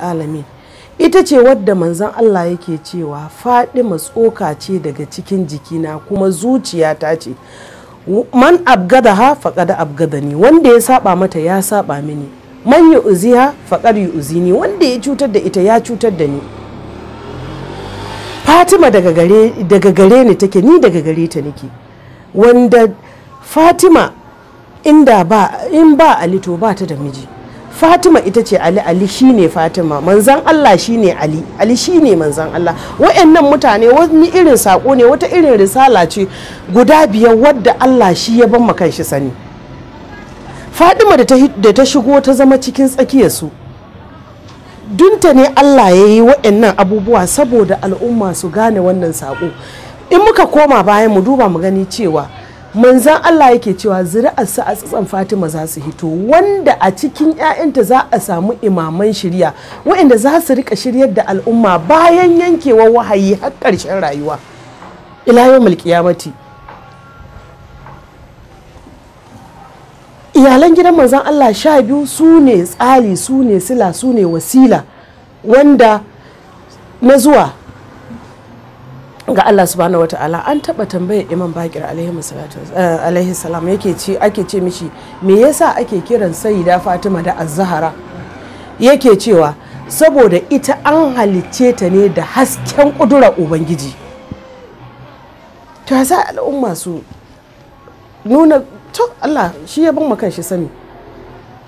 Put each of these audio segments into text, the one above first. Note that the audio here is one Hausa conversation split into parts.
alamin ita ce wadda manzan Allah yake cewa faɗi tsoka ce daga cikin jikina kuma zuciya ta ce man abgada ha faƙada abgada ni wanda ya saba mata ya saba mini man uzi ha faƙar uzi ne wanda ya cutar da ita ya cutar da ni fatima daga gare ni take ni daga gare ta nake wanda fatima inda ba in ba alito ba ta da miji fatima ita ce ali ali shine fatima manzan allah shine ali ali shine manzan allah wa'annan mutane wani irin sako ne wata irin risala ce guda biyar wadda allah shi ya ban kan shi sani fatima da ta shigo ta zama cikin su. dunta ne allah ya yi wa'annan abubuwa saboda al'umma su gane wannan sako in muka koma bayan mu duba mu gani cewa manzan Allah yake cewa zuri'arsa a tsatsan Fatima za su hito wanda a cikin 'ya'yanta za a samu imaman shirya waɗanda za su rika shiryar da al'umma bayan yankewa wahayi har ƙarshen rayuwa ila iyalan gidan manzan Allah sha biyu su ne tsari su ne sila su ne wasila wanda na zuwa ga Allah subhanahu wata'ala an taba tambayar Imam Bakir alaihi eh, salam yake ce ake ce mishi me yasa ake kiran Sayyida Fatima da az yake cewa saboda ita an halicce ta ne da hasken kudura Ubangiji ta sa al'umma su nuna to Allah shi ya bin kan shi sani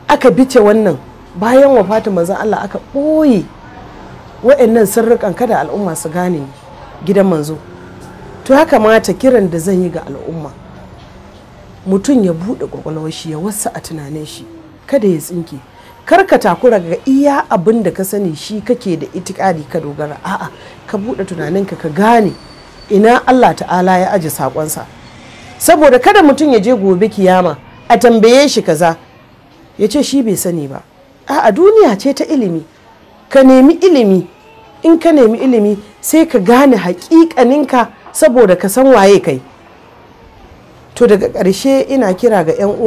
aka bice wannan bayan wa fatima zan Allah aka ɓoye wa'annan sirrikan kada al'umma su gane ni gidan manzo to ma kamata kiran da zan yi ga al'umma mutum ya buɗe ƙwaƙwalwar shi ya wasa a tunanin shi kada ya tsinke kar ka takura ga iya abin da ka sani shi kake da itikadi ka dogara a'a ka buɗe tunaninka ka gane ina Allah ta'ala ya aje sa saboda kada mutum ya je gobe kiyama a tambaye shi kaza ya ce shi bai sani ba a'a duniya ce ta ilimi ka nemi ilimi in ka nemi ilimi sai ka gane haƙiƙaninka saboda ka san waye kai to daga ƙarshe ina kira ga 'yan